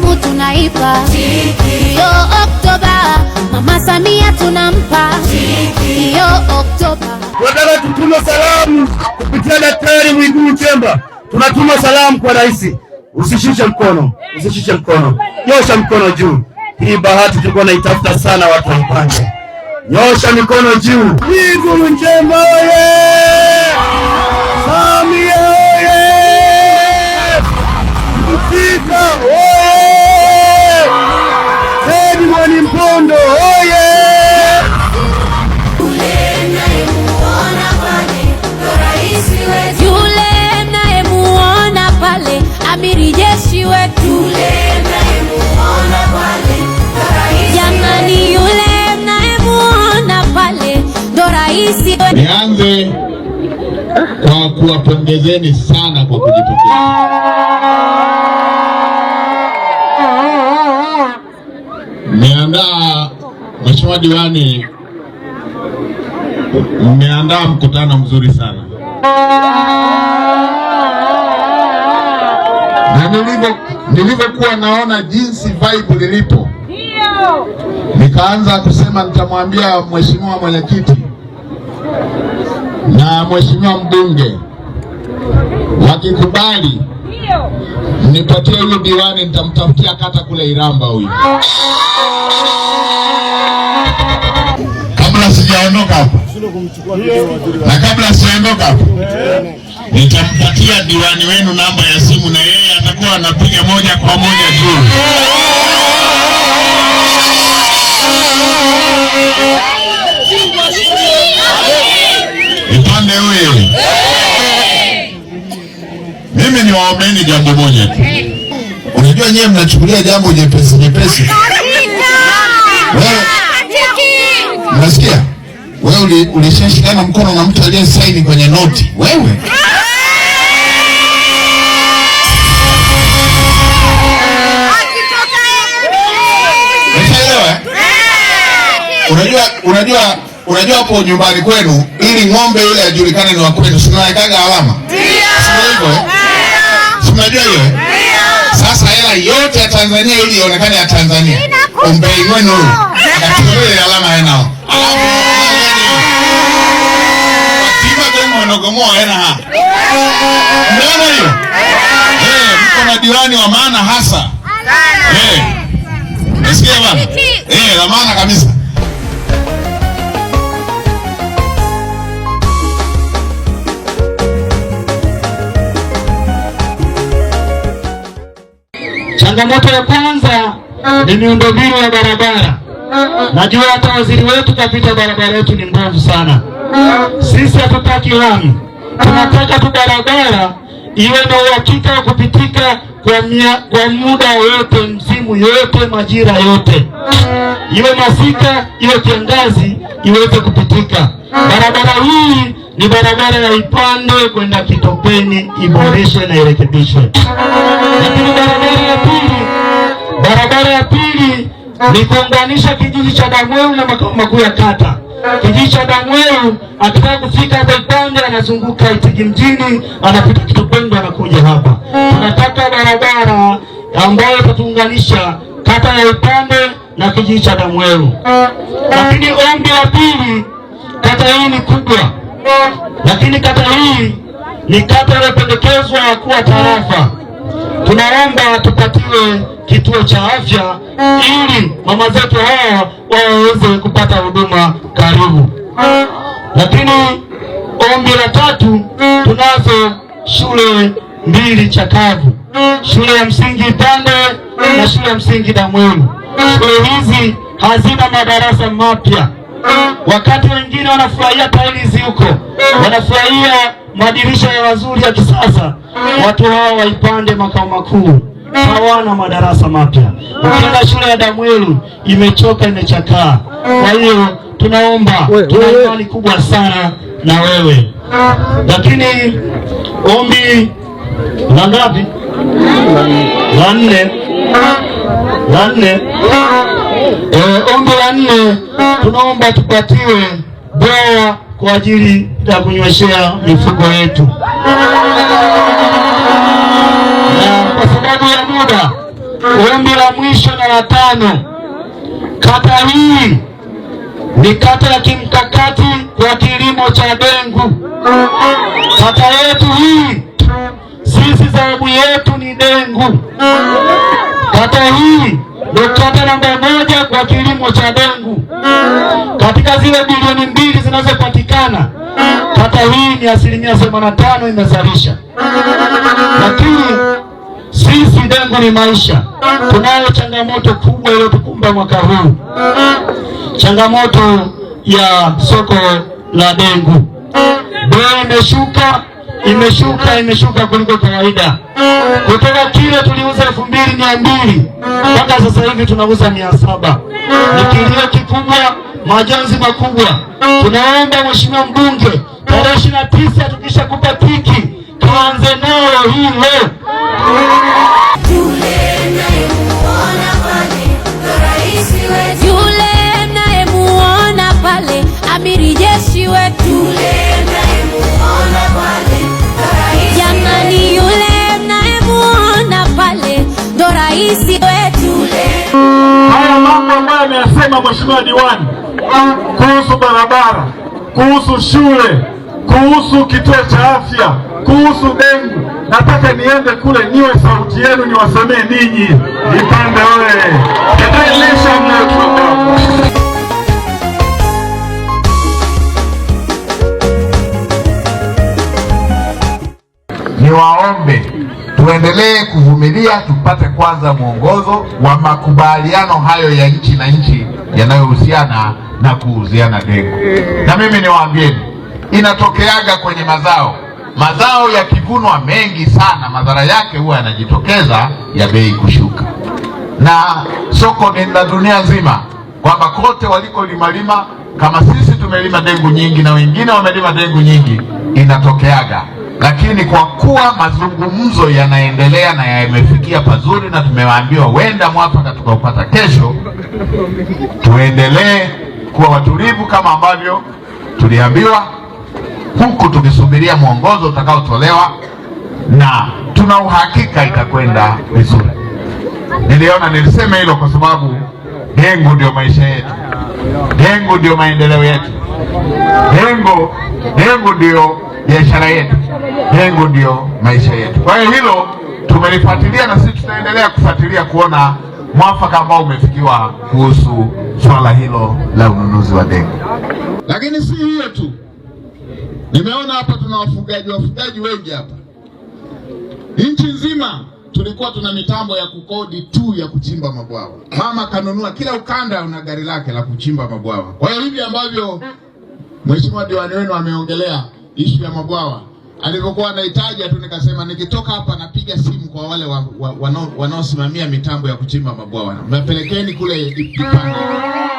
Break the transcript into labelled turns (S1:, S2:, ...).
S1: damu tunaipa hiyo Oktoba, Mama Samia tunampa hiyo Oktoba.
S2: Tunataka tutume salamu kupitia Daktari Mwigulu Nchemba, tunatuma salamu kwa rais. Usishushe mkono, usishushe mkono, nyosha mkono juu. Hii bahati tulikuwa naitafuta sana, watu wa Mpande, nyosha mikono juu. Mwigulu Nchemba oye! Samia oye! Mtika Kibondo oye!
S3: Yule nayemuona pale, amiri jeshi wetu. Jamani, yule nayemuona pale ndo raisi.
S2: Nianze kwa kuwapongezeni sana kwa kujitokeza Mheshimiwa Diwani, mmeandaa mkutano mzuri sana na nilivyokuwa naona jinsi vibe lilipo, nikaanza kusema nitamwambia mheshimiwa mwenyekiti na mheshimiwa mbunge wakikubali, nipatie yule diwani, nitamtafutia kata kule Iramba huyu. Na kabla sijaondoka hapo, nitampatia diwani wenu namba ya simu, na yeye atakuwa anapiga moja kwa moja juu upande huyu. Mimi niwaombeni jambo moja tu. Unajua nyewe mnachukulia jambo nyepesi, jepesi. Wewe, unasikia? Wewe ulishashikana mkono na mtu aliyesaini kwenye noti wewe? Eh? Eh! Unajua, unajua, unajua hapo nyumbani kwenu, ili ng'ombe yule ajulikane ni wa kwenu, si alama? Eh? Si mnajua hiyo? Sasa hela yote ya Tanzania ili ionekane ya Tanzania, ombeni wenu jirani wa maana hasa. Nasikia eh, bana Eh, la maana kabisa.
S4: Changamoto ya kwanza ni miundombinu ya barabara. Najua hata waziri wetu kapita, barabara yetu ni mbovu sana. Sisi hatutaki lami, tunataka tu barabara iwe na uhakika wa kupitika kwa, mia, kwa muda yote, msimu yote, majira yote, iwe masika iwe kiangazi, iweze kupitika. Barabara hii ni barabara ya Ipande kwenda Kitopeni, iboreshwe na irekebishwe. Lakini barabara ya pili, barabara ya pili ni kuunganisha kijiji cha Damweu na makao makuu ya kata. Kijiji cha Damweu akitaka kufika hapa Ipande anazunguka Itigi mjini, anapita Kitopendo, anakuja hapa. Tunataka barabara ambayo itatuunganisha kata ya Ipande na kijiji cha Damweu. Lakini ombi la pili, kata hii ni kubwa, lakini kata hii ni kata inayopendekezwa kuwa tarafa. Tunaomba tupatiwe kituo cha afya ili mama zetu hawa waweze kupata huduma karibu. Lakini ombi la tatu, tunazo shule mbili chakavu, shule ya msingi Pande na shule ya msingi Damwenu. Shule hizi hazina madarasa mapya. Wakati wengine wanafurahia tailizi huko, wanafurahia madirisha ya wazuri ya kisasa, watu hawa waipande makao makuu hawana madarasa mapya. Ukienda ah. shule ya Damweli imechoka, imechakaa. Kwa ah. hiyo tunaomba, tuna imani kubwa sana na wewe, ah. lakini ombi la ngapi? La nne, la nne. E, ombi la nne, tunaomba tupatiwe bwawa kwa ajili ya kunyweshea mifugo yetu kwa sababu ya muda, ombi la mwisho na la tano. Kata hii ni kata ya kimkakati ya kilimo cha dengu. Kata yetu hii sisi sababu yetu ni dengu. Kata hii ni kata namba moja kwa kilimo cha dengu katika zile bilioni mbili zinazopatikana kata hii ni asilimia themanini na tano imezalisha, lakini sisi lengo ni maisha. Tunayo changamoto kubwa iliyotukumba mwaka huu, changamoto ya soko la dengu. Bei imeshuka imeshuka imeshuka kuliko kawaida, kutoka kilo tuliuza elfu mbili mia mbili mpaka sasa hivi tunauza mia saba. Ni kilio kikubwa, majonzi makubwa. Tunaomba mheshimiwa mbunge, tarehe ishirini na tisa tukishakupa tiki tuanze hii hilo
S3: yule mnayemuona pale, amiri jeshi wetu. Jamani, yule mnayemuona pale ndo wetu.
S2: Haya ambayo ameyasema mheshimiwa diwani kuhusu barabara, kuhusu shule, kuhusu kituo cha afya kuhusu dengu. Nataka niende kule niwe sauti yenu, niwasemee ninyi Ipanda oye! Niwaombe tuendelee kuvumilia, tupate kwanza mwongozo wa makubaliano hayo ya nchi na nchi yanayohusiana na kuuziana dengu. Na mimi niwaambieni, inatokeaga kwenye mazao Mazao yakivunwa mengi sana, madhara yake huwa yanajitokeza ya bei kushuka, na soko ni la dunia nzima, kwamba kote walikolimalima, kama sisi tumelima dengu nyingi na wengine wamelima dengu nyingi, inatokeaga. Lakini kwa kuwa mazungumzo yanaendelea na yamefikia pazuri, na tumewaambiwa wenda mwafaka tukaupata kesho, tuendelee kuwa watulivu kama ambavyo tuliambiwa huku tukisubiria mwongozo utakaotolewa na tuna uhakika itakwenda vizuri. Niliona nilisema hilo kwa sababu dengo ndio maisha yetu, dengo ndio maendeleo yetu, Dengu Dengu ndio biashara yetu, dengo ndio maisha yetu. Kwa hiyo hilo tumelifuatilia na sisi tutaendelea kufuatilia kuona mwafaka ambao umefikiwa kuhusu swala hilo la ununuzi wa dengo Lakini si hiyo tu. Nimeona hapa tuna wafugaji wafugaji wengi hapa nchi nzima. Tulikuwa tuna mitambo ya kukodi tu ya kuchimba mabwawa, mama kanunua, kila ukanda una gari lake la kuchimba mabwawa. Kwa hiyo hivi ambavyo mheshimiwa diwani wenu ameongelea ishu ya mabwawa alivyokuwa anahitaji tu, nikasema nikitoka hapa napiga simu kwa wale wanaosimamia wa, wa, wa, wa, mitambo ya kuchimba mabwawa, mapelekeni kule Ipanga.